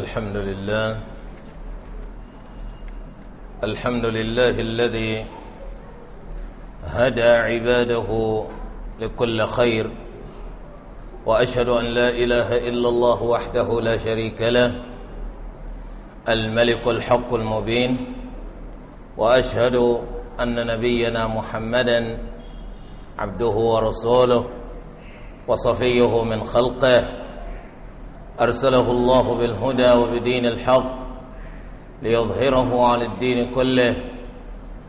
الحمد لله الحمد لله الذي هدى عباده لكل خير وأشهد أن لا إله إلا الله وحده لا شريك له الملك الحق المبين وأشهد أن نبينا محمدا عبده ورسوله وصفيه من خلقه أرسله الله بالهدى وبدين الحق ليظهره على الدين كله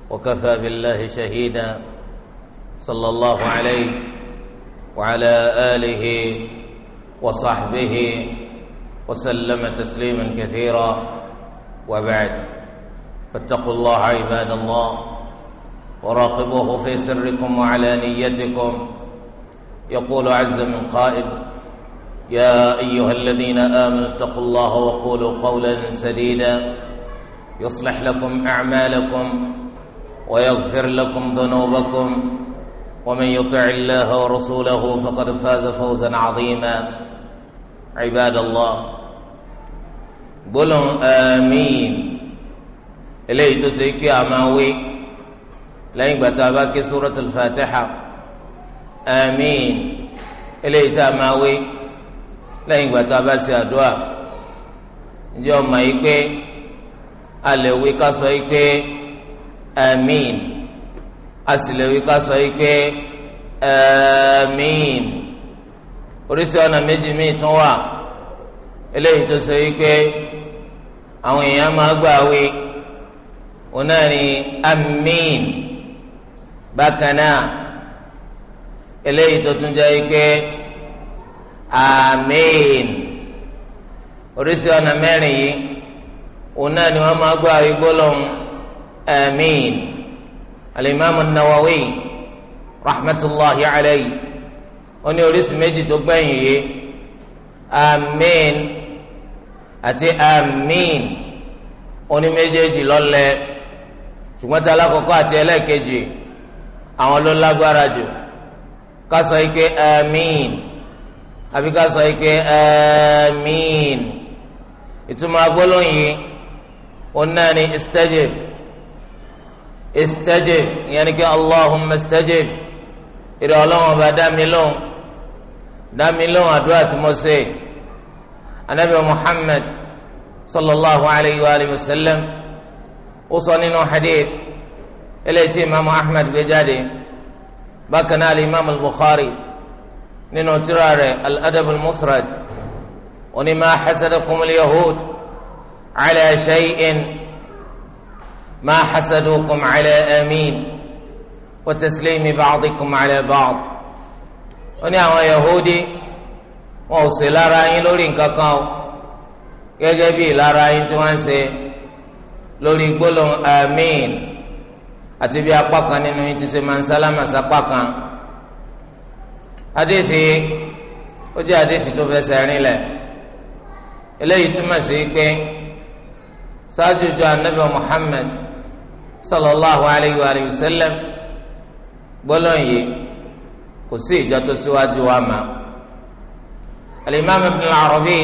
وكفى بالله شهيدا صلى الله عليه وعلى آله وصحبه وسلم تسليما كثيرا وبعد فاتقوا الله عباد الله وراقبوه في سركم وعلانيتكم يقول عز من قائل يا أيها الذين آمنوا اتقوا الله وقولوا قولا سديدا يصلح لكم أعمالكم ويغفر لكم ذنوبكم ومن يطع الله ورسوله فقد فاز فوزا عظيما عباد الله قلوا آمين إليه تسيك يا ماوي لين بتاباكي سورة الفاتحة آمين إليه تاماوي lẹ́yìn ìgbà tá a bá ṣe àdúrà ǹjẹ́ ọmọ yìí pé a lè wí ká sọ yìí pé àmín a sì lè wí ká sọ yìí pé àmín oríṣi ọ̀nà méjì míì tún wà eléyìí tó ṣe yìí pé àwọn èèyàn máa gbà wí òun náà ni bákan náà eléyìí tó tún ameen oríṣi ọ̀nà mẹ́rin yìí òun náà ni wọ́n máa gbọ́ àrígbó lọ́hùn ameen alimami nawawi rahmatulahi alayhi ó ní oríṣi méjì tó gbẹ̀yìn yìí ameen àti ameen ó ní méjèèjì lọ́lẹ̀ ṣùgbọ́n tí alákọ̀ọ́kọ́ àti ẹlẹ́ẹ̀kejì àwọn ló lágbára jù ká sọ yìí pé ameen àbí ká sọ pé amiin ìtumọ̀ agbọ́lóyìn yìí onáà ni istajib istajib ìyẹn ni pé allahumma istajib ìrọ̀ ọlọ́run ọba dá mi lóhùn dá mi lóhùn àdúrà tí mo ṣe anabi muhammad sallallahu alayhi wa alihi wa sallam ó sọ nínú hadith eléyìí tí imaamu ahmed gbé jáde bákan náà imaamu bukhari nínú tírà rẹ̀ al-adab al-mufrad oní ma hasadakum al-yahud ala shay'in ma hasadukum ala amin wa taslimi ba'dikum ala ba'd oní àwọn yahudi wọn ò ṣe lára yín lórí nǹkan kan o gẹ́gẹ́ bí lára yín tí wọ́n ń amin àti bí apá kan nínú ti ṣe máa ń sálámà hadithi ó jẹ́ hadithi tó fẹsẹ̀ rinlẹ̀ eléyìí túmọ̀ sí pé ṣáájú ju anabi muhammed sallallahu alayhi wa sallam gbọ́lọ́n yìí kò sí ìjọ tó síwájú wa mọ́ alimami ibn al-arabi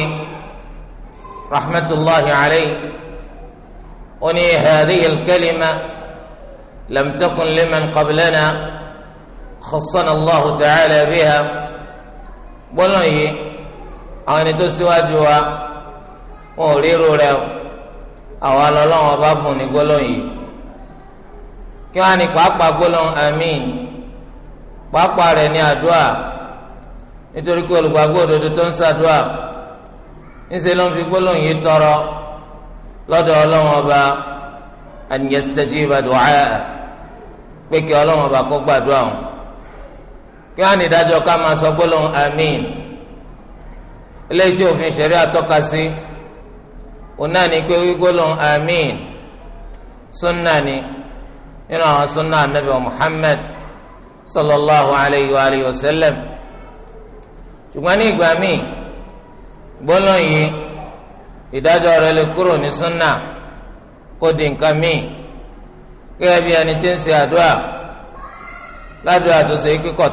rahmatulahi alayhi ó ní hadihi kalima lam liman qablana khassana Allahu ta'ala biha gbọ́nà yìí àwọn ẹni tó síwájú wa wọn ò ríro rẹ o àwọn alọ́lọ́wọ́n bá bùn ní gbọ́nà yìí kí wọ́n á ní pàápàá gbọ́nà àmín pàápàá rẹ̀ ní àdúrà nítorí pé olùgbàgbọ́ òdodo tó ń ṣàdúrà ńṣe ló ń fi gbólóhùn yìí tọrọ lọ́dọ̀ ọlọ́run ọba an yastajiba du'a pé kí ọlọ́run ọba kó gbàdúrà òun kí á ní ìdájọ́ ká máa sọ gbólóhùn àmín eléyìí tí òfin ṣẹ̀rí àtọ́ka sí òun náà ní pé gbólóhùn àmín sunna ni nínú àwọn sunna anabi muhammed sallallahu alayhi wa alayhi wa sallam ṣùgbọ́n ní ìgbà míì gbólóhùn yìí ìdájọ́ rẹ̀ lè kúrò ní sunna kó di nǹkan míì gẹ́gẹ́ ládùúgbò àtúnṣe yìí kíkọ̀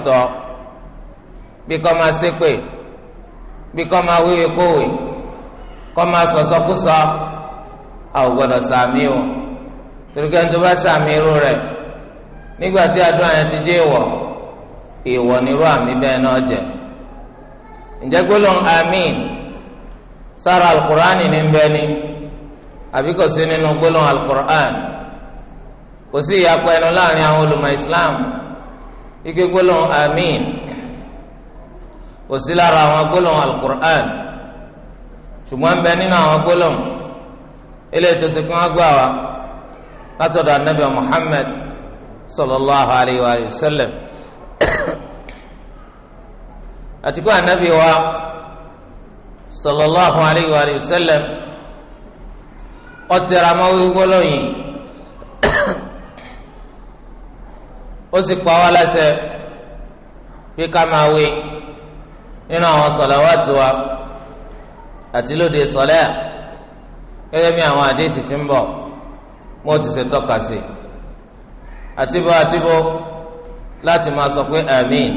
bí kọ́ máa ma bí kọ́ máa wíwèé kówèé kọ́ máa sọ̀sọ́kúsọ àwọn gbọ́dọ̀ sàmì o toríkẹ́ tó bá sàmì irú rẹ̀ nígbà tí àdúrà yẹn ti jẹ́ ìwọ̀ ìwọ̀ nírú àmì bẹ́ẹ̀ náà jẹ́ ǹjẹ́ gbólóhùn ni àbí kò sí nínú gbólóhùn kò sí ẹnu láàrin àwọn olùmọ̀ Islam. ike gbólóhùn amiin kò sí lára àwọn gbólóhùn alukur'an ṣùgbọ́n bẹ nínú àwọn gbólóhùn eléyìí tó ṣe kí wọ́n gbọ́ àwa látọ̀dọ̀ anabi muhammed sallallahu alayhi wa sallam àti kó anabi wa sallallahu alayhi wa sallam ọ̀tẹ̀rẹ̀ àmọ́ gbólóhùn yìí. ó sì pa wá láṣẹ pé ká máa wí nínú àwọn sọ̀làwátì wa àti lóde sọ̀lẹ́ gẹ́gẹ́ bí àwọn àdéhìí ti ń bọ̀ mo ti ṣe tọ́ka sí i àtibọ̀ àtibọ̀ láti máa sọ pé àmín.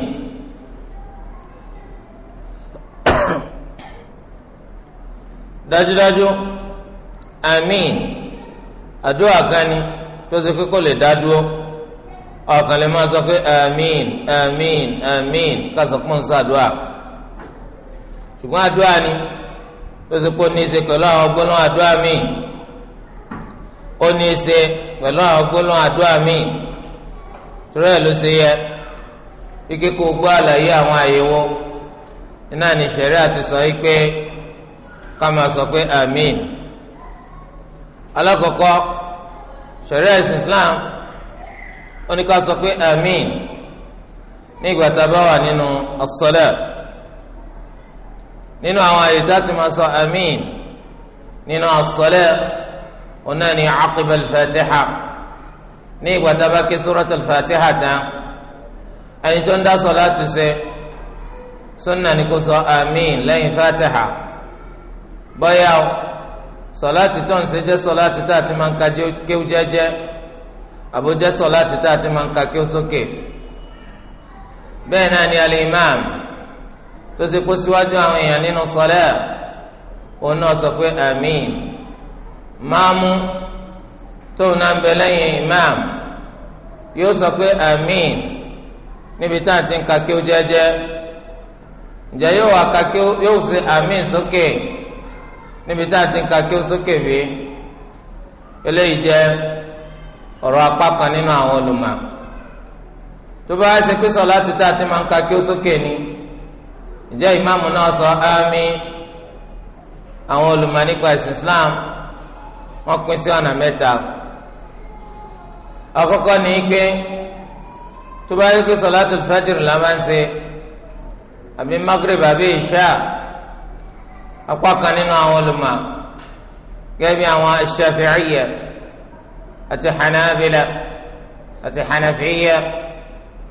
dájúdájú àmín àdúrà kan ni tó ṣe pé lè dá dúró ọkàn lè máa sọ pé amiin amiin amiin kásán pọ̀ ń sàdúà ṣùgbọ́n àdúà ni ó ti kó ní í ṣe pẹ̀lú àwọn gbólóhùn àdúà míì ó ní í ṣe pẹ̀lú àwọn gbólóhùn àdúà míì torí ẹ̀ ló ṣe yẹ ike kó gbọ́ àlàyé àwọn àyẹ̀wò iná ní ṣẹ̀rí àti sọ yìí pé ká máa sọ pé amiin alákọ̀ọ́kọ́ ṣẹ̀rí ẹ̀sìn Islam ó ní ká sọ pé àmín ní ìgbà tá a bá wà nínú as-salat nínú àwọn àyè tá a ti máa sọ àmín nínú as-salat òun náà ní aqiba al-fatiha ní ìgbà tá a bá ké surat al tán ẹni tó ń dá salatu ṣe sunna ni kó sọ àmín lẹ́yìn fatiha bọ́yá o salati tó ń ṣe jẹ́ salati tá a ti máa ń ka kéwú jẹ́jẹ́ àbójẹ́ sọ̀láàtì tá a ti máa ń ka kí ó sókè bẹ́ẹ̀ náà ni al-imam tó ṣe kó síwájú àwọn èèyàn nínú sọlẹ́ òun náà sọ pé àmín máàmú tóun náà ń bẹ lẹ́yìn imam yóò sọ pé àmín níbi tá a ti ń ka kí ó jẹ́jẹ́ ǹjẹ́ yóò wá ka kí ó yóò ṣe àmín sókè níbi tá a ti ń ka ó sókè bí eléyìí jẹ́ ọ̀rọ̀ apá kan nínú àwọn olùmọ̀ tó bá ṣe pé sọlá ka kí ó sókè ni ǹjẹ́ ìmáàmù náà sọ àmín àwọn olùmọ̀ nípa ẹ̀sìn Islam wọ́n pín sí ọ̀nà mẹ́ta àkọ́kọ́ ni pé tó bá ṣe pé sọlá ti fẹ́jìrì la máa ń ṣe àbí Maghrib àbí Isha apá kan nínú àwọn àti hanabila àti hanafiya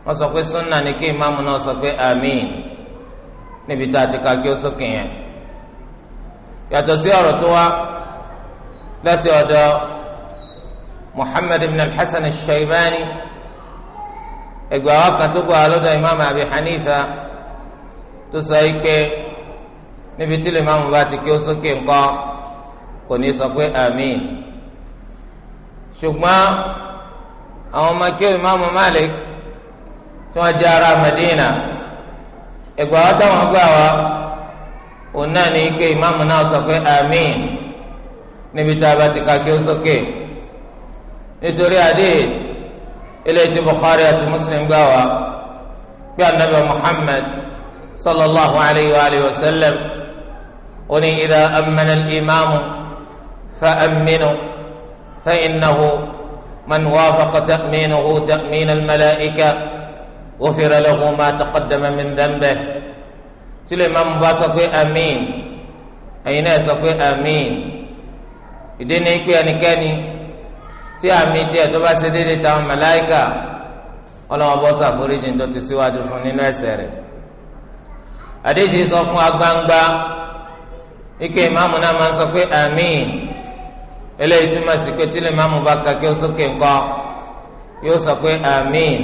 wọ́n sọ pé sunna ni kí imaamu náà sọ pé amiin níbi tá a ti ka kí ó sókè yẹn yàtọ̀ sí ọ̀rọ̀ tó wá láti ọ̀dọ̀ muhammad ibn al-hasan al-shaybani ẹgbẹ́ àwọn kan tó kọ́ àlọ́dọ̀ imaamu abi hanifa tó sọ yìí pé níbi tí lè máa bá ti kí ó sókè kò ní sọ pé amiin. ṣùgbọ́n àwọn ọmọ kéwì Imamu Malik tí wọ́n jẹ́ ara Medina ẹgbẹ́ àwọn táwọn gbà wá òun náà ní ike ìmáàmù náà sọ pé àmín níbi tá a bá ti ka kí ó sókè nítorí àdéhìí ilé tí Bukhari àti Muslim gbà wá bí anabi Muhammad sallallahu alayhi wa alihi wa sallam oní ìdá amẹ́nà ìmáàmù fa aminu. فإنه من وافق تأمينه تأمين الملائكة غفر له ما تقدم من ذنبه تلي من باسقي أمين أين أسقي أمين ìdí ni pé ẹnikẹ́ni tí àmì díẹ̀ tó bá ṣe déédéé táwọn mẹláìkà ọlọ́wọ́n bọ́ sàforíjì tó ti síwájú fún nínú ẹ̀ṣẹ̀ rẹ̀ àdéjì sọ fún agbangba ike ìmáàmù náà máa ń sọ pé àmín eléyìí túmọ̀ sí pé tílé máàmù bá ka kí ó sókè ńkọ́ yóò sọ pé àmín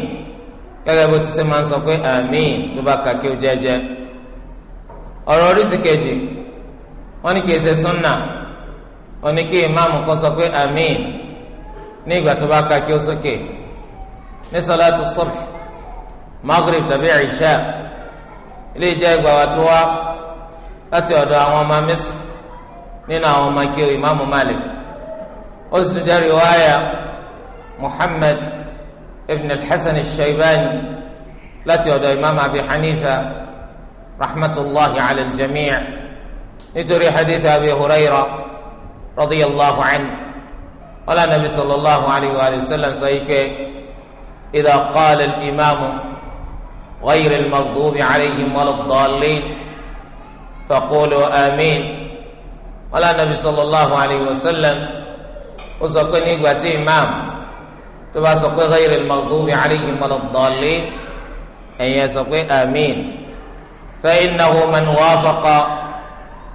gẹ́gẹ́ bó ti ṣe máa ń sọ pé àmín tó bá ka kí ó jẹ́jẹ́ ọ̀rọ̀ oríṣi kejì wọ́n ni kì í ṣe súnà wọ́n ní kí ìmáàmù kọ́ sọ pé àmín ní ìgbà tó bá ka kí ó sókè ní sọláàtù subh maghrib tàbí ilé Malik. ده رواية محمد ابن الحسن الشيباني التي يدى إمام أبي حنيفة رحمة الله على الجميع نتري حديث أبي هريرة رضي الله عنه قال النبي صلى الله عليه وآله وسلم سيكي إذا قال الإمام غير المغضوب عليهم ولا الضالين فقولوا آمين قال النبي صلى الله عليه وسلم ó sọ pé ní ìgbà tí imam tó bá sọ pé ghayril maghdubi alayhim waladdallin ẹ̀yin ẹ sọ pé àmín fa innahu man wafaqa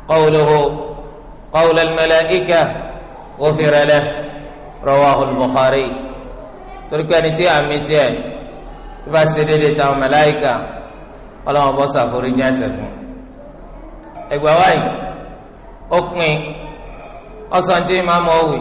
qawluhu qawla al-mala'ika ghufira lahu rawahu al-bukhari torí pé ẹni tí àmì tiẹ̀ tó bá ṣe déédéé táwọn màláíkà ọlọ́wọ́n bọ́ sàforíjì ẹ̀ṣẹ̀ fún ẹgbẹ́ wáyé ó pin ọ̀sán tí imam ọ̀wì.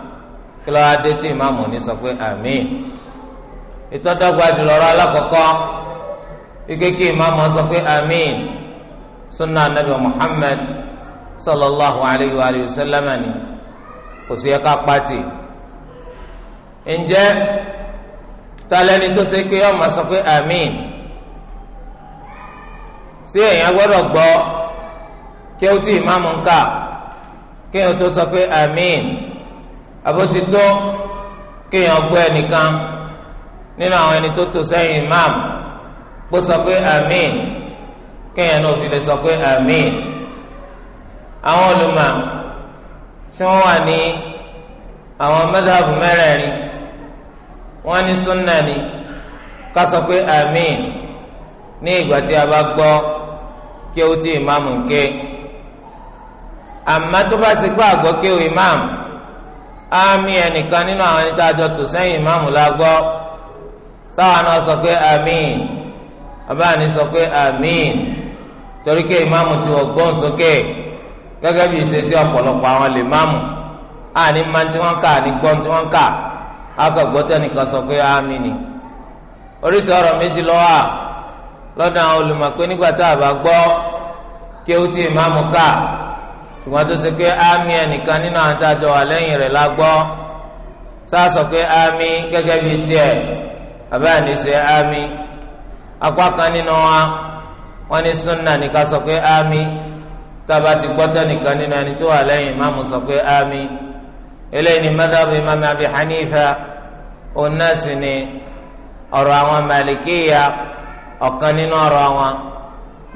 kí ló wá dé tí ìmáàmù ní sọ pé àmín ìtọ́dọ́gba jùlọrọ alákọ̀ọ́kọ́ ike kí ìmáàmù sọ pé àmín sunna anabi muhammed sallallahu alayhi wa sallam ni kò sí ẹ̀ka pati ǹjẹ́ talẹ́ni tó ṣe pé ọmọ sọ pé àmín sí èèyàn gbọ́dọ̀ gbọ́ kí ó ti ìmáàmù ń kà kí ó tó sọ pé àmín àbótítọ́ kéèyàn gbọ́ ẹnìkan nínú àwọn ẹni tó tò sẹ́yìn imam kó sọ pé àmín kéèyàn náà fi lè sọ pé àmín àwọn olùmọ̀ tí wọ́n wà ní àwọn mẹ́tàbù mẹ́rẹ̀ẹ̀rin wọ́n ní súnà ni ká sọ pé àmín ní ìgbà tí a bá gbọ́ kí ó ti ìmáàmù ké àmọ́ tó bá sì gbọ́ àgbọ́ kí ó ìmáàmù. Ami ẹnìkan nínú àwọn ẹni tá a jọ tò sẹ́yìn ìmáàmù la gbọ́ sáwọn náà sọ pé àmín abáàní sọ pé àmín torí pé ìmáàmù ti wọ gbọ́n sókè gẹ́gẹ́ bí sí ọ̀pọ̀lọpọ̀ àwọn lè máàmù àní máa tí wọ́n kà gbọ́n tí wọ́n kà oríṣi ọ̀rọ̀ méjì lọ́wọ́ lọ́dọ̀ àwọn olùmọ̀ pé nígbà tá a bá gbọ́ kí ṣùgbọ́n tó ṣe pé àmì ẹnìkan nínú àwọn tá a jọ wà lẹ́yìn rẹ̀ la gbọ́ sáà sọ pé àmì gẹ́gẹ́ bíi tiẹ̀ àbẹ́ àníṣe àmì apá kan nínú wa wọ́n ní sunna nìkan sọ pé àmì tába ti gbọ́tẹ́ nìkan nínú ẹni tó wà lẹ́yìn ìmáàmù sọ pé àmì eléyìí ni madhabu imáàmù abi hanifa òun ni ọ̀rọ̀ àwọn màlìkíyà ọ̀kan nínú ọ̀rọ̀ àwọn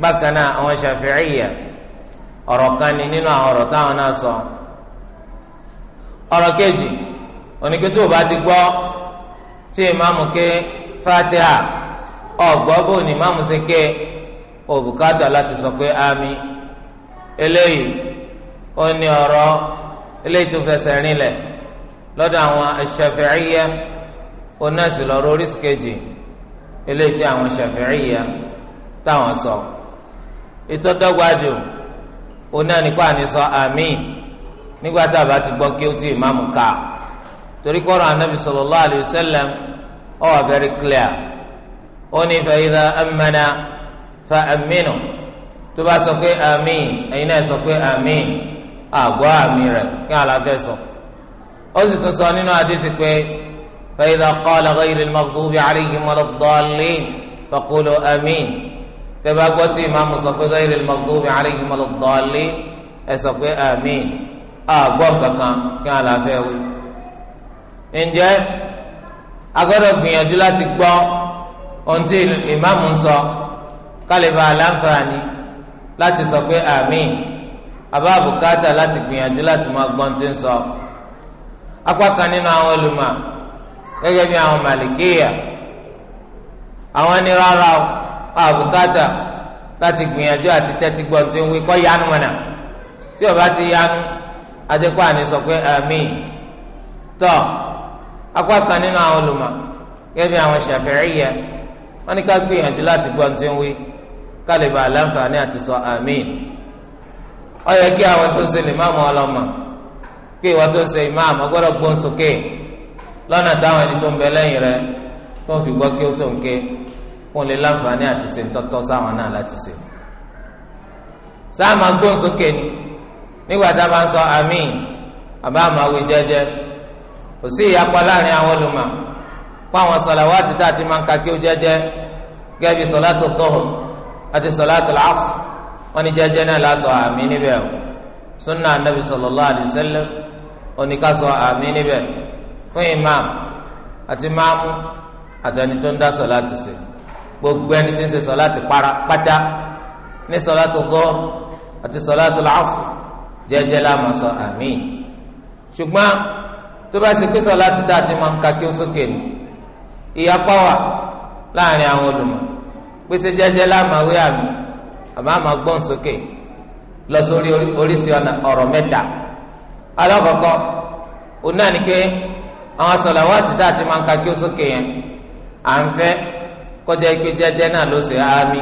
bákan náà àwọn ṣàfi'íyà ọ̀rọ̀ kan ni nínú àwọn ọ̀rọ̀ táwọn náà sọ ọ̀rọ̀ kejì oníkẹ́tù ò bá ti gbọ́ tí ìmáàmù ké fatiha ọ̀gbọ́ bò ní ìmáàmù ṣe ké òbúkátà láti sọ pé àmì eléyìí ó ní ọ̀rọ̀ eléyìí tó fẹsẹ̀ rinlẹ̀ lọ́dọ̀ àwọn Ṣafi'iyya onáṣì lọ́rọ̀ oríṣi kejì eléyìí tí àwọn Ṣafi'iyya táwọn sọ ìtọ́dọ́gba jù. So onáà nípa àníṣọ àmín nígbà tá a bá ti gbọ́ kí ó ti ìmáàmù ká torí kọ́ra anabi sallallahu alayhi wa wà very clear ó ní fa idha amana fa aminu tó bá sọ pé àmín ẹ̀yin náà sọ pé àmín àgọ́ àmín rẹ̀ kí aláfẹ́ sọ ó sì tún sọ nínú àdìsí pé fa idha qala ghayri al-maghdubi alayhim wa lad-dallin faqulu àmín tẹ́bá gbọ́ tí ìmáàmù sọ pé ghayril maghdubi alayhim waladdallin ẹ sọ pé àmín àgbọ̀ kankan kí wọn làáfẹ́ wí. ǹjẹ́ agbọ́dọ̀ gbìyànjú láti gbọ́ ohun tí ìmáàmù ń sọ kálíbà aláǹfààní láti sọ pé àmín àbá àbùkátà láti gbìyànjú láti máa gbọ́n tí ń sọ. apá kan nínú àwọn olùmọ̀ gẹ́gẹ́ bí àwọn màlìkéyà àwọn ni rárá o àbùkátà láti gbìyànjú àti tẹ́tí gbọ́ tí ń wí kọ́ yanu mọ̀nà tí o bá ti yanu adékọ́ àní sọ pé àmín tọ́ apá kan nínú àwọn olùmọ̀ gẹ́gẹ́ bí àwọn Ṣàfi'íyà wọ́n ní ká gbìyànjú láti gbọ́ tí ń wí kálíbà aláǹfààní àti sọ àmín ó yẹ kí àwọn tó ń ṣe lè má mọ ọlọmọ kí ìwà tó ń ṣe ìmáàmù ọgbọ́dọ̀ gbóhùn sókè lọ́nà táwọn ẹni tó ń bẹ lẹ́yìn rẹ̀ tó ń fi gbọ́ kí ó tó ń ké kún lè láǹfààní àti ṣe tọ́tọ́ sáwọn náà láti ṣe. sáà máa gbóhùn sókè ni nígbà tá a bá ń sọ àmín àbá máa wí jẹ́jẹ́ kò sí ìyapa láàrin àwọn olùmọ̀ fún àwọn sọ̀làwátì tá a ti máa ń ka kí ó jẹ́jẹ́ gẹ́gẹ́ bí tóhùn àti sọ̀látò làásù wọ́n ní jẹ́jẹ́ náà lásọ̀ àmín níbẹ̀ o sunna anabi sallallahu alayhi wa sallam oníkásọ̀ níbẹ̀ fún imam àti maamu àtẹni ń dá sọ̀látò sí i gbogbo ẹni tí ń ṣe sọláàtì pátá ní sọláàtì gọ́ọ̀rù àti sọláàtì làásù jẹ́jẹ́ láàmú sọ àmín ṣùgbọ́n tó bá ṣe pé sọláàtì tá a ti máa ń ka kí ó sókè ni ìyapa wà láàrin àwọn olùmọ̀ pèsè jẹ́jẹ́ láàmú àwé àmì àmọ́ àmọ́ gbọ́n sókè lọ sórí oríṣi ọ̀nà ọ̀rọ̀ mẹ́ta alákọ̀ọ́kọ́ òun náà ni pé àwọn sọláàtì tá a ti máa ń ka kí ó sókè yẹn à ń fẹ́ kọjá ikú jẹjẹ náà ló ṣe ámì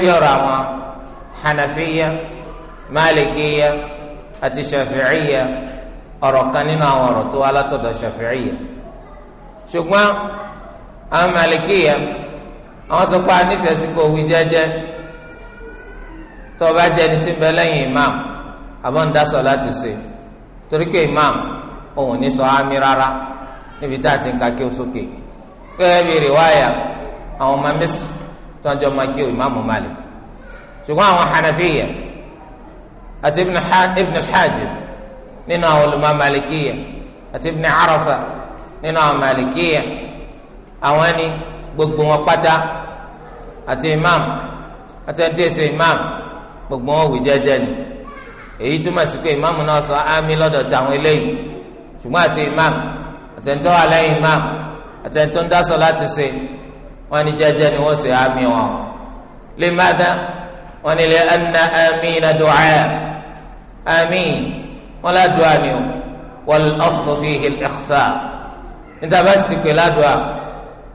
bí ọrọ àwọn hanafiya malikiya àti shafi'iya ọrọ kan nínú àwọn ọrọ tó wá látọ̀dọ̀ shafi'iya ṣùgbọ́n àwọn malikiya àwọn sọ pé a nífẹ̀ẹ́ sí imam láti ṣe torí pé imam òun ní sọ ámì rárá níbi tá a ti ń àwọn ọmọ mẹsì tó ń jẹ ọmọ kí ìmáàmù Malik àwọn hanafiya àti ibn al-Hajib nínú àwọn malikiya àti ibn Arafa nínú àwọn malikiya àwọn ẹni gbogbo wọn pátá àti imam àti ẹni tí imam gbogbo wọn wì jẹ́jẹ́ ni èyí túmọ̀ sí pé imam náà sọ ámì lọ́dọ̀ tàwọn eléyìí ṣùgbọ́n àti imam àti ẹni tó wà lẹ́yìn imam àti ẹni tó wọn ni jẹjẹ ni wọn sì àmì wọn lè má dá wọn ni lè ẹnna àmì na dùá àmì wọn ládùá ni o wọn ọsùn fi hìl ẹkṣà níta bá sì pè ládùá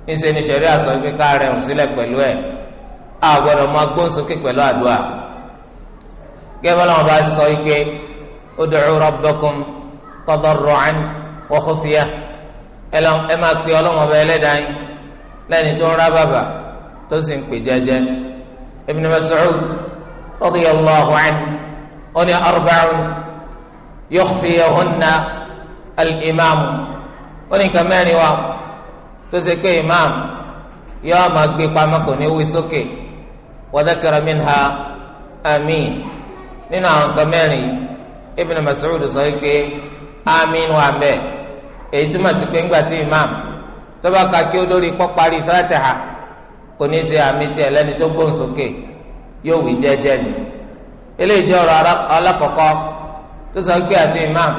níṣẹ ni sẹrí àsọ pé ká rẹrùn sílẹ̀ pẹ̀lú ẹ a máa gbóǹsókè pẹ̀lú àdúrà gẹ́gẹ́ bá bá sọ pé ud'u rabbakum tadarru'an wa khufyah ẹ máa pe ọlọ́wọ́n ọba ẹlẹ́dàá yín lẹ́ni tó ń rá bàbà tó sì ń pè jẹ́jẹ́ Ibn Mas'ud radiyallahu anhu ó ní arba'un yukhfiyahunna al-imam ó ní nǹkan mẹ́rin wa tó ṣe pé imam yóò máa gbé pamọ́ kò ní wí sókè wa dhakara minha amin nínú àwọn nǹkan Ibn Mas'ud sọ pé amin wà bẹ́ẹ̀ èyí túmọ̀ sí pé ńgbà tí imam tọ́ba ka kí ó lórí kọ́ parí fatiha kò ní ṣe àmì tí ẹlẹ́ni tó gbóhùn sókè yóò wí jẹ́jẹ́ ni eléyìí jẹ́ ọ̀rọ̀ alákọ̀ọ́kọ́ tó sọ pé àti imam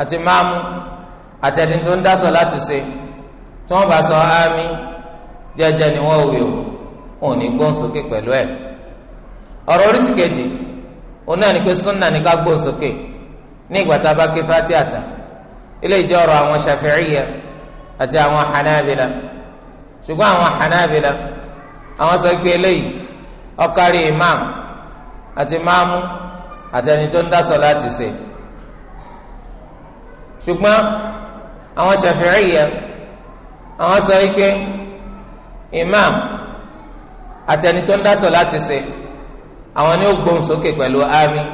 àti maamu àti ẹni tó ń dásọ láti ṣe tí wọ́n bá sọ àmì jẹ́jẹ́ ni wọ́n wí o wọn ò ní gbóhùn sókè pẹ̀lú ẹ̀ ọ̀rọ̀ oríṣi kejì òun náà ni pé sunna ni ká gbóhùn sókè ní ìgbà tá a bá ké fatiha tà eléyìí jẹ́ ọ̀rọ̀ àwọn Shafi'iyya àti àwọn hanabila ṣùgbọ́n àwọn hanabila àwọn sọ pé eléyìí ọkàrí imam àti maamu àti ẹni tó ń dá sọ láti ṣe ṣùgbọ́n àwọn Shafi'iyya àwọn sọ pé imam àti ẹni tó ń dá sọ láti ṣe àwọn ni ó gbóhùn sókè pẹ̀lú àmín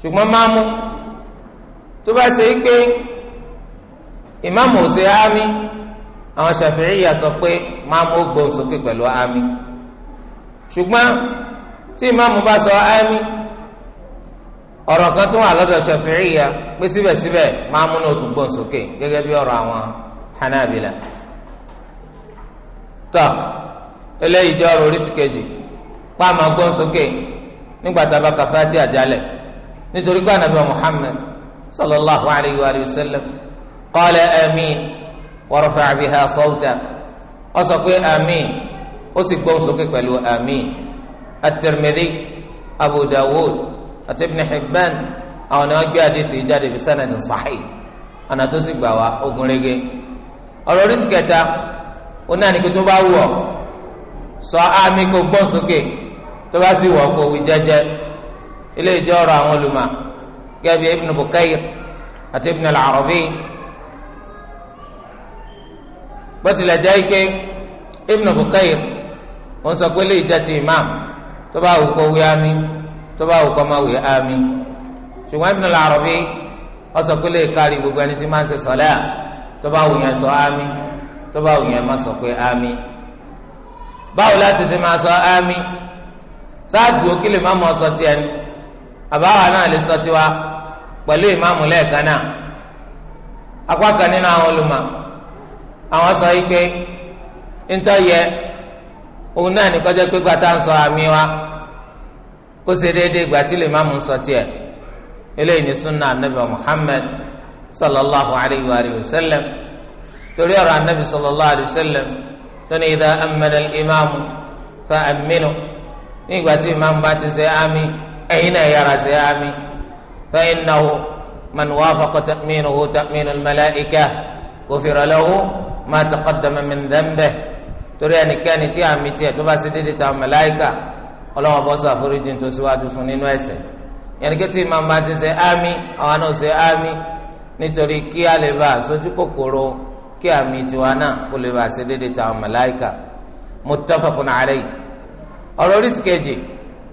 ṣùgbọ́n maamu tó bá ṣe pé. ìmáàmù ò ṣe ámì àwọn Ṣàfi'íyà sọ pé máàmù ó gbóhùn sókè pẹ̀lú ámì ṣùgbọ́n tí ìmáàmù bá sọ ámì ọ̀rọ̀ kan tún wà lọ́dọ̀ Ṣàfi'íyà pé síbẹ̀síbẹ̀ máàmù náà tún gbóhùn sókè gẹ́gẹ́ bí ọ̀rọ̀ àwọn Hanabila tọ́ eléyìí jẹ́ ọ̀rọ̀ oríṣi kejì pàmò gbóhùn sókè nígbà tá a bá ka Fatiha jálẹ̀ nítorí pé Ànábì Muhammad sallallahu alayhi wa sallam qala àmín wa rafa'a biha sawta ó sọ pé àmín ó sì gbóhùn sókè pẹ̀lú àmín at-Tirmidhi Abu Dawud àti Ibn Hibban àwọn ni wọ́n gbé àdéhùn ìjáde bí sanadin sahih ọ̀nà tó sì gbà wá ogun rege ọ̀rọ̀ orí sìkẹta oní àníkú tó bá wù ọ́ sọ àmì kò gbọ́n sókè tó bá sì wọ̀ kó wí jẹ́jẹ́ ilé ìjọ ọ̀rọ̀ àwọn olùmọ̀ gẹ́gẹ́ bí Ibn Bukayr àti Ibn al-Arabi. bó tilẹ̀ jẹ́ ike Ibn Bukayr wọ́n sọ pé léyìí imam tó bá wù kó wí àmín tó bá wù kó má wí àmín ṣùgbọ́n Ibn al wọ́n sọ pé léyìí kárí gbogbo ẹni tí máa ń ṣe à tó bá wù yẹn sọ àmín tó bá wù yẹn má sọ pé àmín báwo láti ṣe máa sọ àmín òkìlè má sọ ni àbáwá náà lè sọ tiwa àwọn sọ yìí pé ntọ́ yẹ òun náà ní kọjá pé gbàtà ń sọ àmì wa kó ṣe déédéé ìgbà tí lè má mú sọ tiẹ̀ eléyìí ní sunna anabi muhammed sallallahu alayhi wa sallam torí ọ̀rọ̀ anabi sallallahu alayhi wa sallam tóní idha amana imaamu fa aminu ní ìgbà tí imaamu bá ti ṣe àmì ẹ̀yin náà yára ṣe àmì fa innahu man wafaqa ta'minuhu ta'minu al-mala'ika ghufira lahu ma taqaddama min dhanbihi torí ẹnikẹ́ni tí àmì tiẹ̀ tó bá ṣe déédéé ta màláíkà ọlọ́wọ́n bọ́ sọ àforíjì tó síwájú fún nínú ẹ̀ṣẹ̀ yẹnikẹ́ tí màmá ti ṣe àmì àwọn náà ṣe àmì nítorí kí a lè bá aṣojú kòkòrò kí àmì tiwa náà kó lè bá ṣe déédéé ta màláíkà muttafaqun alayhi ọ̀rọ̀ oríṣi kejì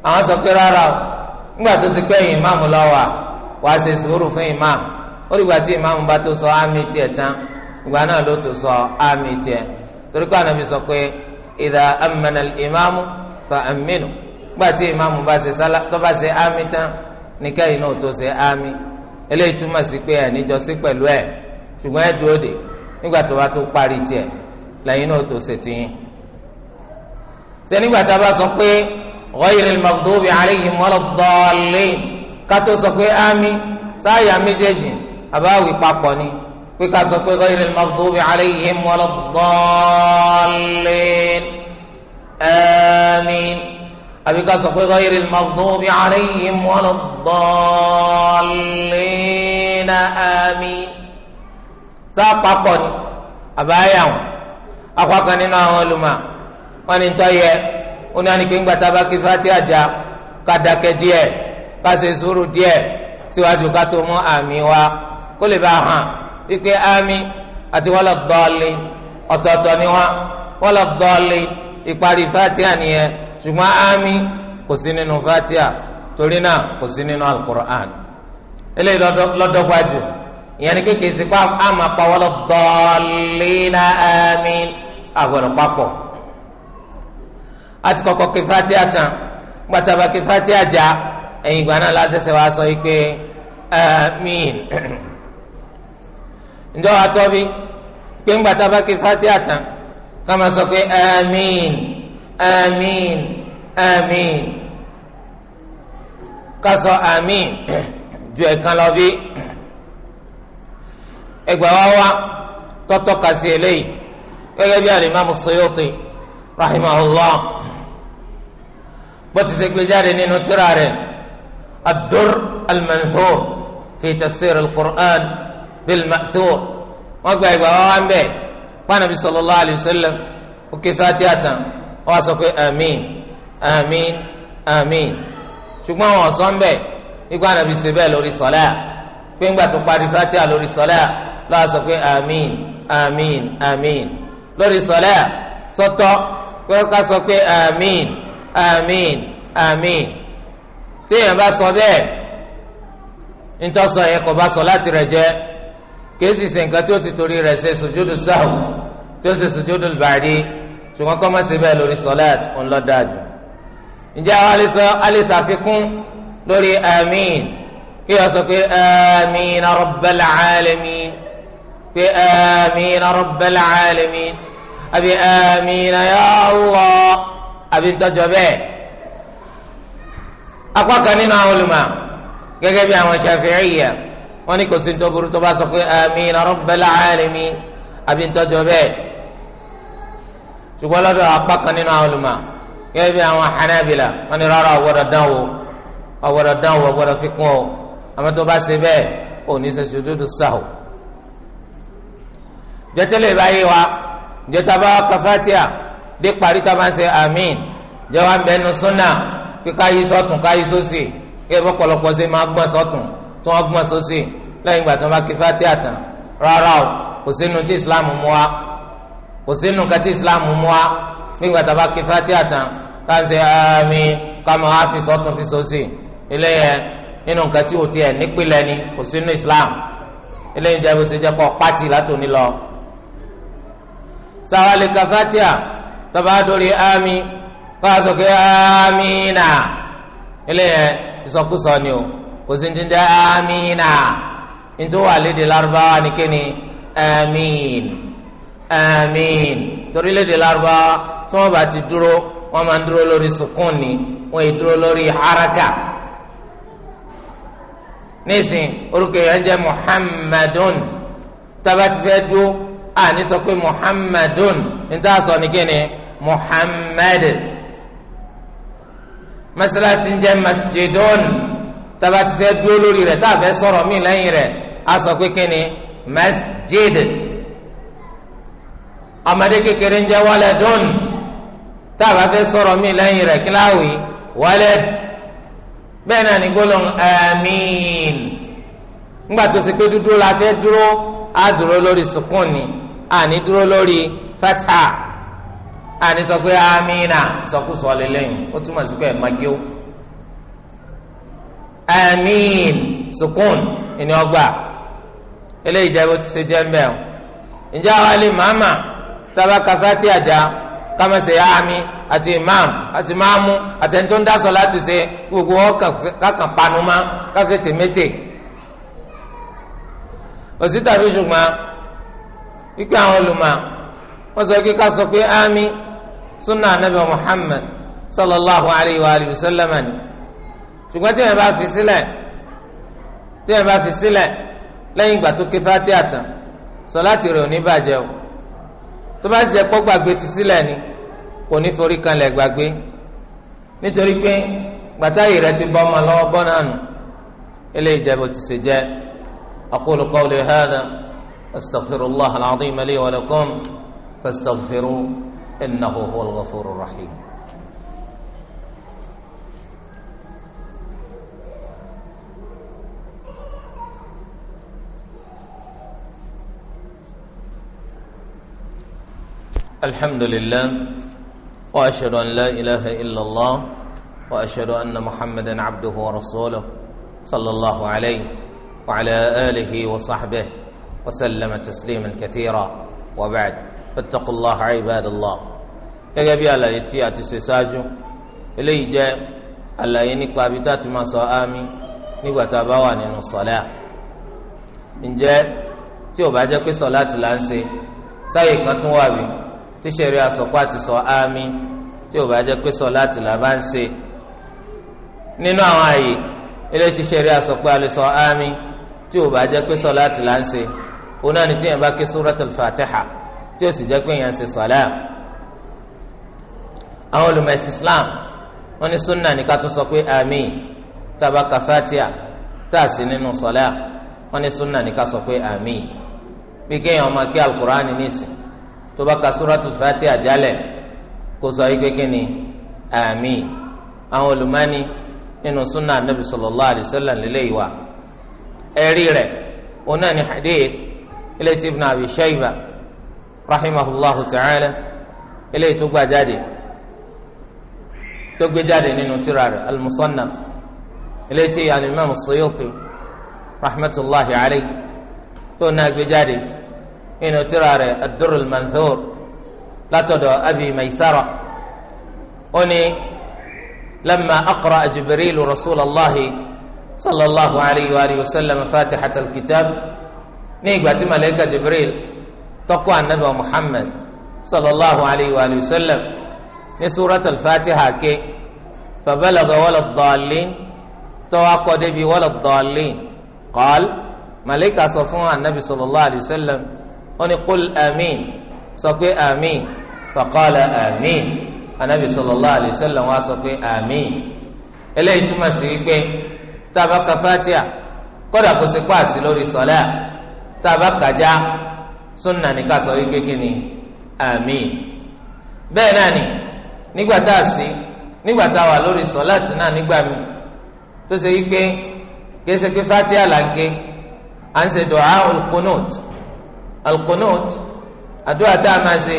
àwọn sọ pé rárá o nígbà tó ṣe pé ìmáàmù lọ́wọ́ wàá ṣe sùúrù fún ìmáàmù ó dìgbà tí ìmáàmù bá tó sọ àmì tiẹ̀ tán ìgbà náà ló tó sọ àmì tiẹ̀ torí pé ànábi sọ pé ìdá amana ìmáàmù fa aminu gbà tí ìmáàmù bá ṣe sálá tó bá ṣe àmì tán nìkẹ́ yìí náà tó ṣe àmì eléyìí túmọ̀ sí pé ẹ̀ níjọ sí pẹ̀lú ẹ̀ ṣùgbọ́n ẹ̀ dúró dè nígbà tó bá tó parí tiẹ̀ lẹ́yìn náà tó ṣe tiyín. ṣé nígbà tá a bá sọ pé ghayril maghdubi alayhim waladdallin ká tó sọ pé àmì sáàyà méjèèjì àbáwí papọ̀ ni pé ká sọ pé ghayril maghdubi alayhim waladdallin àmín àbí ká sọ pé ghayril maghdubi alayhim waladdallin àmín sáà papọ̀ ni àbáyà wọn akọ́kàn nínú àwọn olùmọ̀ wọn ni tọ́ yẹ wọn ni wọn ni pé ńgbà tá a bá kí Fatiha já ká dákẹ́ díẹ̀ ká ṣe sùúrù díẹ̀ síwájú ká tó mú àmì wa kó lè bá a hàn. wípé àmì àti wọ́lá dọ́ọ̀lì ọtọọtọ ni wọ́n wọ́lá dọ́ọ̀lì ìparí fatia nìyẹn ṣùgbọ́n ami kò sí nínú fatia torí náà kò sí nínú alukur'an eléyìí lọ́dọ́gba ìyẹn ni kékeré sí pa àmà pa wọ́lá dọ́ọ̀lì náà àmì àgbọ̀dọ̀ papọ̀ àti kí fatia tán gbàtàbà kí fatia já ìgbà náà sọ ǹjọ́ àtọ́bí pé ńgbà tá a bá ké fatiha tán ká máa sọ pé amiin amiin amiin ká sọ amiin ju ẹ̀kan lọ bí ẹgbà wa wá tọ́tọ́ ka sí eléyìí gẹ́gẹ́ bí alimami Suyuti rahimahullah bó ti ṣe gbé jáde nínú tírà rẹ̀ ad-Durr al-Manthur fi al bil ma'thur wọn gba ìgbà wa wá ń bẹ pànàbí sallallahu alayhi wa sallam ó ké fatiha tán ó wá sọ pé àmín àmín àmín ṣùgbọ́n àwọn ọ̀sán bẹ nígbà ànàbí ṣe bẹ́ẹ̀ lórí sọlá pé ńgbà tó parí fatiha lórí sọlá lọ́wọ́ sọ pé àmín àmín àmín lórí sọlá sọtọ pé ká sọ pé àmín àmín àmín tí èèyàn bá sọ bẹ́ẹ̀ ntọ́sọ yẹn kò bá sọ láti rẹ̀ jẹ́ kéésì ṣe nǹkan tí ó ti torí rẹ̀ ṣe sùjúdù sáwù tí ó ṣe sùjúdù bàdí ṣùgbọ́n kọ́ mọ́sí bẹ́ẹ̀ lórí sọlẹ́t ńlọ́dáàjù. ǹjẹ́ àwọn alẹ́sàfikún lórí àmín kí wọ́n sọ pé àmín rabbal alamin pé àmín rabbal alamin àbí àmín ya àbí tọ́jọ́ bẹ́ẹ̀. apá kan nínú àwọn olùmọ̀ gẹ́gẹ́ bí àwọn Shafi'iyya wọ́n ní kò sí nítorí burú tó bá sọ pé àmín Rabbil alamin àbí ntọ́jọ́ bẹ́ẹ̀ ṣùgbọ́n lọ́dọ̀ apá kan nínú àwọn olùmọ̀ gẹ́gẹ́ bí àwọn Hanabila wọ́n ní rárá ọ̀gbọ́dọ̀ dán wò ọ̀gbọ́dọ̀ dán wò ọ̀gbọ́dọ̀ fi kún ọ àmọ́ tó bá ṣe bẹ́ẹ̀ ò ní ṣe sujudu sahw. jẹ́tẹ́lẹ̀ báyé wa jẹ́tàbá kafatia dé parí tá a máa ń ṣe àmín jẹ́wọ́ àbẹnusọ́nà kíkáyé sọ́tún káyé sósì kí ẹ bọ́ pọ̀lọpọ̀ ṣe máa gbọ́n sọ́tún tí wọ́n gbọ́n sósì lẹ́yìn ìgbà tí wọ́n bá kí fatiha tán rárá o kò sínú tí islam mú wa kò sínú ká tí islam mú wa bí ìgbà tí wọ́n bá kí fatiha tán káńtì àmì kámọ́ àfi sọ́tún fi sósì ilé nínú nǹkan tí o tiẹ̀ nípìnlẹ̀ ni kò sínú islam ilé yẹn jẹ́ bó ṣe jẹ́ kọ́ pátì látòní lọ. sàwálì ka fatiha tọ́ba dórí àmì fásokè àmì náà ilé ìsọkúsọ ni o kò sí ní jẹ́ amínà nítorí wà léde lárúbáwá ni kéne amín amín torí léde lárúbáwá tí wọ́n bá ti dúró wọ́n máa ń dúró lórí sukùn ni wọ́n yìí dúró lórí haraka nísìn orúkọ yẹn jẹ́ muhammadun tábà ti fẹ́ dúró àní sọ pé muhammadun níta sọ ni kéne muhammad masalasi ń masjidun. taba ti dúró lórí rẹ̀ tá a fẹ́ sọ̀rọ̀ mí lẹ́yìn a ni masjid ọmọdé kékeré ń jẹ́ waladun tá a bá fẹ́ sọ̀rọ̀ mí lẹ́yìn rẹ̀ kíláwì tó dúdú la dúró a lórí sukun ni àní dúró lórí fatha àní sọ pé amina sọkúsọ ó túmọ̀ amiin sukun ẹni ọgbà eléyìí jẹ́ bó ti ṣe jẹ́ mbẹ́ o ǹjẹ́ àwọn alẹ́ màmá àjà imam àti àti ẹni tó ń láti ṣe gbogbo panu tèmẹ́tè òsì tàbí ṣùgbọ́n àwọn sọ pé ká sọ pé àmì sunna anabi sallallahu alayhi wa sallam ṣùgbọ́n tí wọn bá fi sílẹ̀ tí wọn bá fi sílẹ̀ lẹ́yìn ìgbà tó ké fati àtàn sọ láti rẹ̀ ò ní bàjẹ́ o tó bá jẹ́ pọ́ gbàgbé fi sílẹ̀ ni kò ní forí kanlẹ̀ gbàgbé nítorí pé gbàtáyì rẹ̀ ti bọ́ ọmọ lọ́wọ́ bọ́ náà nù eléyìí jẹ́ ti ṣe jẹ́ aqulu qawli hadha astaghfirullah al-azim li wa lakum fastaghfiru innahu huwal rahim. الحمد لله وأشهد أن لا إله إلا الله وأشهد أن محمدا عبده ورسوله صلى الله عليه وعلى آله وصحبه وسلم تسليما كثيرا وبعد فاتقوا الله عباد الله gẹ́gẹ́ bí àlàyé tí a ti ṣe ṣáájú eléyìí jẹ́ àlàyé nípa abitá ti máa sọ ámì nígbà tá a bá wà nínú sọlá ǹjẹ́ tí ò bá jẹ́ pé sọlá ti là ń ṣe sáyè kan tún wà bíi tíṣẹ̀rí asọ̀pá ti sọ ámì tí ò bá jẹ́ pé sọ láti là bá ń ṣe nínú àwọn àyè ilé tíṣẹ̀rí asọ̀pá lè sọ ámì tí ò bá jẹ́ pé sọ láti là ń ṣe òun náà ni tíyẹn bá ké suratul fatiha tí ó sì jẹ́ pé yẹn ń ṣe sọ̀lá àwọn olùmọ̀ẹ́sì islam wọ́n ní sunna ní ká tún sọ pé ámì tabaka fatiha tá a sì nínú sọ̀lá wọ́n ní sunna ní ká sọ pé ámì bí kéèyàn máa ké alukur'ani ní ìsìn tó bá ka suratul Fatiha jálẹ̀ kó sọ yìí kékeré ni àmín àwọn olùmọ́ni nínú sunnah anabi sallallahu alayhi wa sallam lélẹ́yìí wa ẹ̀rí rẹ̀ òun náà ni hadith ilé tí ibn abi shayba rahimahullahu ta'ala ilé tó gbà jáde tó gbé jáde nínú tírà rẹ̀ al-musannaf alimami suyuti rahmatulahi alayhi tó náà gbé jáde inú tírà rẹ̀ ad-durrul manthur látọ̀dọ̀ abi maisara ó ní lamma aqra jibrilu rasulallahi sallallahu alayhi wa alihi wa sallam fatihata alkitab ní ìgbà tí malayika jibril tó kọ́ anabi muhammad sallallahu alayhi wa alihi wa sallam ní surat alfatiha ké fabalaga wala dalin tó wá kọ́ débi wala dalin qaal malayika sọ fún anabi sallallahu wọ́n kul amin sọ pé amin faqala amin anabi sallallahu alayhi wa sallam sọ pé amin eléyìí túmọ̀ sí fatia kódà kó sì pààsì lórí sọlá tabaka a sunna amin bẹ́ẹ̀ náà ni nígbà tá a sí nígbà tá a wà lórí sọlá náà nígbà mi tó fatia là ń ké à ń ṣe alqunut àdúrà tá a máa ṣe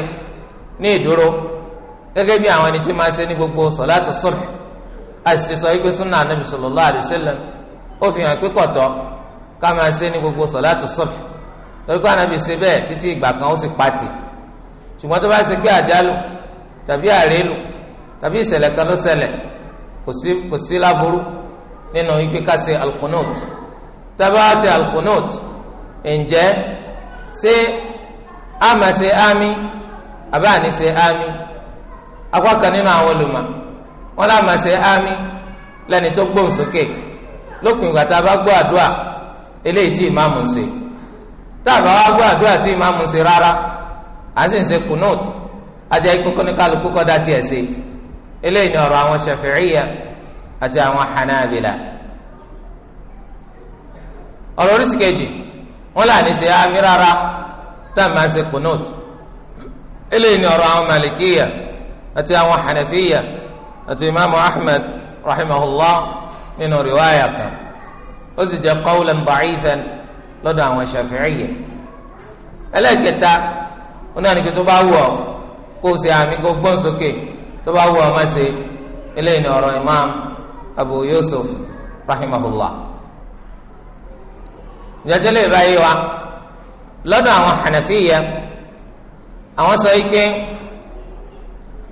ní ìdúró gẹ́gẹ́ bí àwọn ẹni ṣe ní gbogbo sọ̀láàtù subh àti ti sọ wípé súnà anabi sallallahu alaihi wasallam ó fi hàn ṣe gbogbo anabi kan o si pati ṣùgbọ́n tó bá àjálù tàbí àrélu tàbí ìṣẹ̀lẹ̀ kan ló ṣẹlẹ̀ kò sí nínú ká a se sị a máa ṣe kan wọn tó gbóhùn sókè lópin a bá gbọ́ àdúrà eléyìí tí ìmáàmù tá a bá wá gbọ́ àdúrà tí ìmáàmù ṣe rárá à ń sì ń ṣe kùnúùt ajá ikókó ní kálukú kọ́ dá tiẹ̀ ṣe eléyìí ni ọ̀rọ̀ àwọn àti àwọn wọn là ní ṣe àmì rárá tá a máa ṣe kunut eléyìí ni ọ̀rọ̀ àwọn malikiya àti àwọn hanafiya àti imaamu ahmed rahimahullah nínú riwaayà kan ó sì jẹ́ qawlan da'ifan lọ́dọ̀ àwọn shafi'iyya ẹlẹ́kẹta wọn náà ní kí tó bá wù ọ́ kó o ṣe àmì gbogbo sókè tó bá wù ọ́ má ṣe eléyìí ni ọ̀rọ̀ imaamu abu yusuf rahimahullah ìdájọ́lẹ̀ ìbáyé wa lọ́dọ̀ àwọn hànàfíyà àwọn sọ pé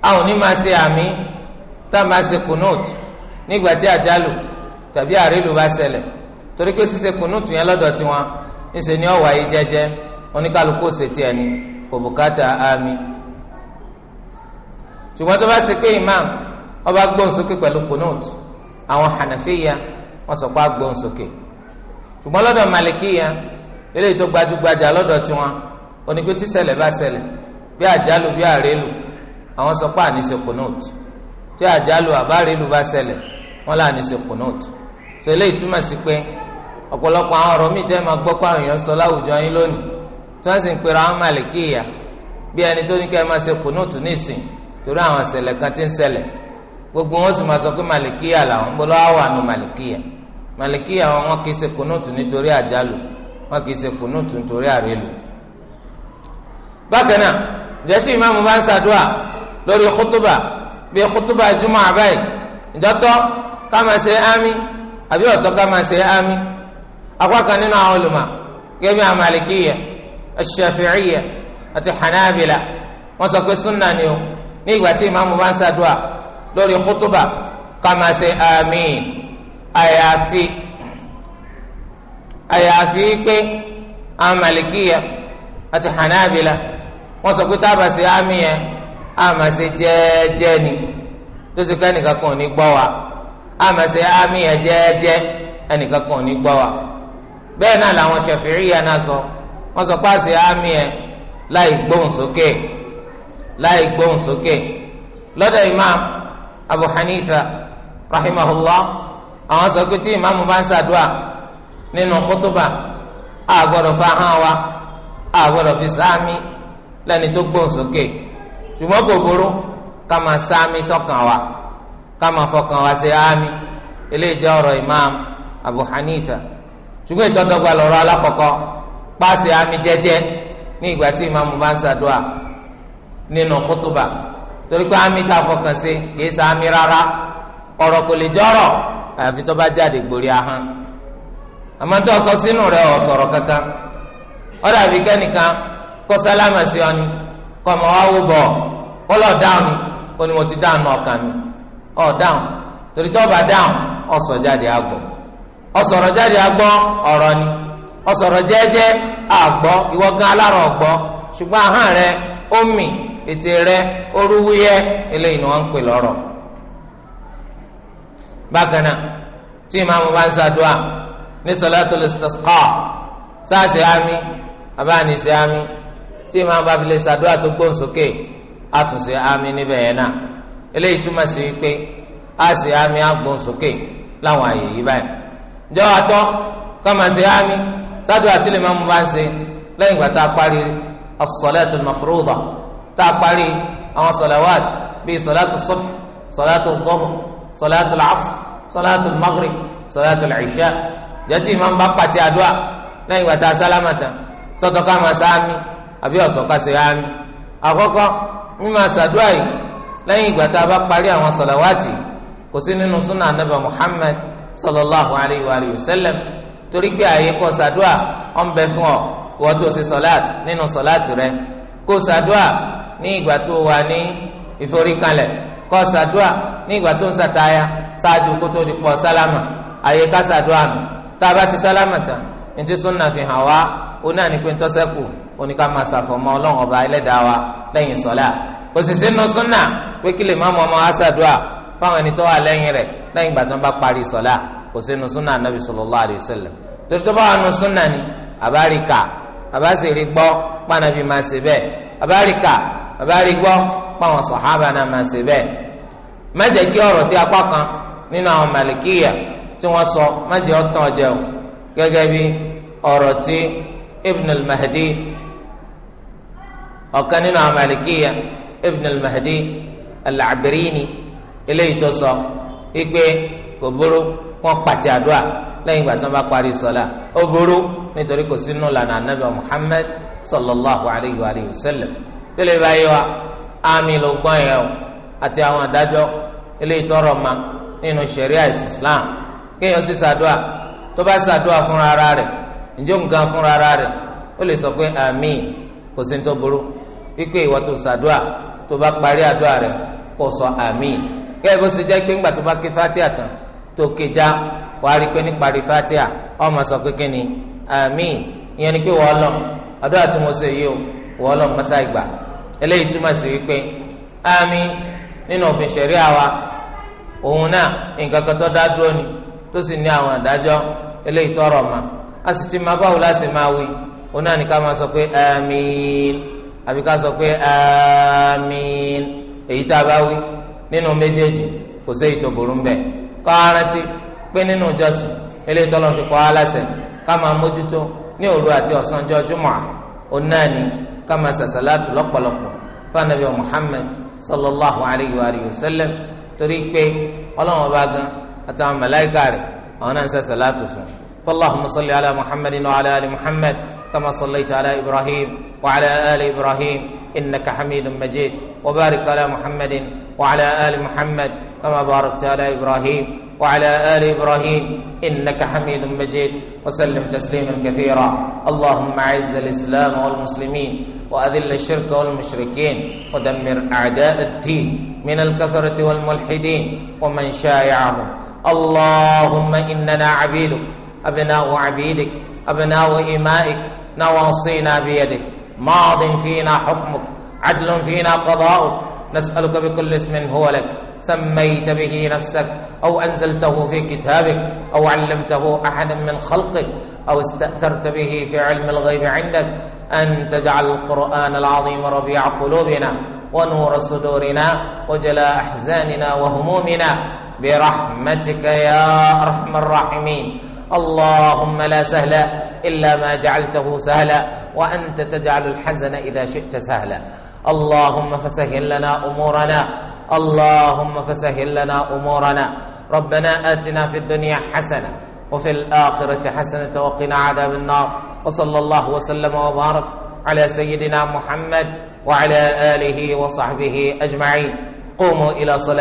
a ò ní máa ṣe àmì tá a máa ṣe kùnúùtù nígbà tí àjálù tàbí àrílù bá ṣẹlẹ̀ torí pé ṣíṣe kùnúùtù yẹn lọ́dọ̀ tiwọn ńṣe ni ó wáyé jẹ́jẹ́ oníkálukú ṣe tiẹ̀ ni kò bùkátà àmì ṣùgbọ́n tó bá ṣe pé imam ọba gbóhùn sókè pẹ̀lú kùnúùtù àwọn hànàfíyà wọ́n sọ pé a gbóhùn sókè ṣùgbọ́n lọ́dọ̀ malikiya eléyìí tó gbajúgbajà lọ́dọ̀ tiwọn onígbé tí ṣẹlẹ̀ bá ṣẹlẹ̀ bí àjálù bí àrélù àwọn sọ pé àníṣe kùnút tí àjálù àbárélù bá ṣẹlẹ̀ wọn là àníṣe kùnút tó eléyìí túmọ̀ sí pé ọ̀pọ̀lọpọ̀ àwọn ọ̀rọ̀ míì tẹ́ máa gbọ́ pé àwọn èèyàn sọ láwùjọ yín lónìí tí wọ́n sì ń pera àwọn malikiya bí ẹni tó ní kẹ́ máa ṣe kùnút nísìn torí àwọn màlìkí àwọn wọn kì í ṣe kùnúùtù nítorí àjálù wọn kì í ṣe kùnúùtù nítorí àrélù. bákan náà ìjọ tí ìmáàmù bá ń ṣàdúrà lórí kútúbà bí kútúbà júmọ̀ àbáyé ìjọtọ́ ká máa ṣe ámì àbí ọ̀tọ́ ká máa ṣe ámì apá kan nínú àwọn olùmọ̀ gẹ́gẹ́ bí àwọn màlìkíyà aṣ àti hanabila wọ́n sọ pé sunna ni o ní ìgbà tí ìmáàmù bá ń ṣàdúrà lórí kútúbà ká máa ṣe ámì. àyàfi àyàfi pé amalikiya ati hanabila wọn sọ pé tábà sí àmì yẹn àmà sí ni tó ti ká ẹnìkan kan ò ní gbọ́ wa àmà sí àmì yẹn jẹ́ẹ́jẹ́ ẹnìkan kan ò ní gbọ́ wa imam abu hanifa rahimahullah àwọn sọ pé tí ìmáàmù bá ń ṣàdúà nínú kótóbà a gbọ́dọ̀ fa hàn wa a gbọ́dọ̀ fi sáàmì lẹ́ni tó gbóhùn sókè ṣùgbọ́n kò burú ká máa sáàmì sọ́kàn wa ká máa fọkàn wa ṣe ámì eléyìí jẹ́ ọ̀rọ̀ ìmáàmù Abu Hanifa ṣùgbọ́n ìtọ́dọ́gba lọ́rọ̀ alákọ̀ọ́kọ́ paasi ami jẹ́jẹ́ ní ìgbà tí imaamu bá ń ṣàdúà nínú kútùbà torí pé ami tá a fọkàn sí kìí sa ami rárá ọ̀rọ̀ kò lè jọrọ àyàfi tó bá jáde gbòòrí ahọ́n àmọ́ tó sọ sínú rẹ̀ ọ̀ sọ̀rọ̀ kankan kó sálámà sí ọ ni kó ọmọ wa bọ̀ kó lọ dáhùn ni kó ni mo ti dáhùn ọkàn mi dáhùn torí ni àgbọ̀ alárọ̀ ṣùgbọ́n rẹ̀ ó mì ètè rẹ̀ ó rúwúyẹ́ bákan náà tí ìmáàmù bá ń ṣàdúrà ní sọláàtò lè sọ sáàsì àmì abáàníṣe àmì tí ìmáàmù bá fi lè ṣàdúrà tó gbóhùn sókè àtúnṣe àmì níbẹ̀ yẹn náà eléyìí túmọ̀ sí wípé àṣì àmì àgbóhùn sókè láwọn àyè yìí báyìí ǹjẹ́ wàá tọ́ kọ́mà ṣe àmì sàdúrà tí ìmáàmù bá ń ṣe lẹ́yìn ìgbà tá a parí as-salatu tá a parí àwọn sọ̀làwàt bíi sọ̀làtò sọ́bù sọláàtù làásù sọláàtù maghrib sọláàtù làìṣà jẹ́tí ìmáàmù bá pàtẹ àdúrà lẹ́yìn ìgbà tá a sálámà tán sọ́tọ̀ ká máa sáámi àbí ọ̀tọ̀ ká ṣe áámi àkọ́kọ́ mímọ àṣàdúrà yìí lẹ́yìn ìgbà tá a bá parí àwọn sọ̀làwátì kò sí nínú súnà anábà Muhammad sallallahu alayhi wa alihi wa sallam torí pé ààyè kọ́ ṣàdúrà ọ̀n bẹ fún ọ ìwọ tó ṣe sọ̀láàtì nínú sọ̀láàtì rẹ kó ṣàdúrà ní ìgbà tó wà ní ìforíkalẹ̀ kọ́ ṣàdúà ní ìgbà tó ń ṣàtàyà ṣáájú kó tó di pọ̀ sálámà àyè ká ṣàdúà nù tá a bá ti sálámà tán ní ti súnà fi hàn wá ó náà ní pé ń tọ́sẹ́kù oníkà máa ṣàfọ̀mọ́ ọlọ́run ọba ẹlẹ́dàá wa lẹ́yìn sọ́lá kò sì sínú súnà pé kí lè má mọ ọmọ aṣàdúà fáwọn ẹni tó wà lẹ́yìn rẹ̀ lẹ́yìn ìgbà tó ń bá parí sọ́lá kò sínú súnà anábì sallallahu alaihi wasallam pa àwọn sàhábà náà máa ṣe bẹ́ẹ̀ má jẹ́ kí ọ̀rọ̀ tí apá kan nínú àwọn màlìkíyà tí wọ́n sọ má jẹ́ ọ̀tàn ọ̀jẹ̀ o gẹ́gẹ́ bí ọ̀rọ̀ tí ibn al-mahdi ọ̀kan nínú àwọn màlìkíyà ibn al-mahdi al-abirini eléyìí tó sọ wípé kò burú wọn pàtẹ àdúrà lẹ́yìn ìgbà tí wọ́n bá parí sọ́lá ó burú nítorí kò sínú lànà ànábì Muhammad sallallahu alayhi wa sallam tẹ́lẹ̀ wa. Ami ló gbọ́n yẹn o àti àwọn àdájọ́ ilé ìtọ́rọ̀ ma nínú ṣẹ̀ríà Islam kéèyàn sì ṣàdúà tó bá ṣàdúà fúnra ara rẹ̀ ǹjẹ́ nǹkan fúnra ara rẹ̀ ó lè sọ pé àmì kò sí tó burú wípé ìwọ tó ṣàdúà tó bá parí àdúà rẹ̀ kò sọ àmì kẹ́ẹ̀ bó ṣe jẹ́ pé ńgbà tó bá ké fatia tán tó ké já wàá rí pé níparí fatia ọmọ sọ pé kí ni àmì ìyẹn ni pé wọ́ọ́ lọ àdúà tí mo ṣe yìí o wọ́ọ́ lọ eléyìí túmọ̀ sí wípé àmì nínú òfin ṣẹ̀ríà wa òun náà nǹkan kan tó dá dúró ni tó sì ní àwọn àdájọ́ eléyìí tọrọ ma a sì ti máa báwo láti máa wí òun náà ní ká máa sọ pé àmín àbí ká sọ pé àmín èyí tá a bá wí nínú méjèèjì kò séyìí tó burú mbẹ kọ́ arántí pé nínú ìjọsìn eléyìí tọ́lọ́ fi kọ́ aláṣẹ ká máa mójútó ní òru àti ọ̀sán jọjúmọ́ òun náà ní kama sasalatu lọ́pọ̀lọpọ̀ fanabi muhammed sallallahu alayhi wa sallam torí pé ọlọ́wọ́n bá gan àtàwọn mẹláìkà rẹ̀ àwọn náà ń sasalatu fún fallahumma salli ala muhammadin wa ala ali muhammad kama sallaita ala ibrahim wa ala ali ibrahim innaka hamidun majid wa barik ala muhammadin wa ala ali muhammad kama barakta ala ibrahim. وعلى آل إبراهيم إنك حميد مجيد وسلم تسليما كثيرا اللهم أعز الإسلام والمسلمين وأذل الشرك والمشركين ودمر أعداء الدين من الكثرة والملحدين ومن شايعهم اللهم إننا عبيدك أبناء عبيدك أبناء إمائك نواصينا بيدك ماض فينا حكمك عدل فينا قضاؤك نسألك بكل اسم هو لك سميت به نفسك أو أنزلته في كتابك أو علمته أحدا من خلقك أو استأثرت به في علم الغيب عندك أن تجعل القرآن العظيم ربيع قلوبنا ونور صدورنا وجلاء أحزاننا وهمومنا برحمتك يا أرحم الراحمين اللهم لا سهل إلا ما جعلته سهلا وأنت تجعل الحزن إذا شئت سهلا اللهم فسهل لنا أمورنا اللهم فسهل لنا أمورنا ربنا آتنا في الدنيا حسنة وفي الآخرة حسنة وقنا عذاب النار وصلى الله وسلم وبارك على سيدنا محمد وعلى آله وصحبه أجمعين قوموا إلى صلاة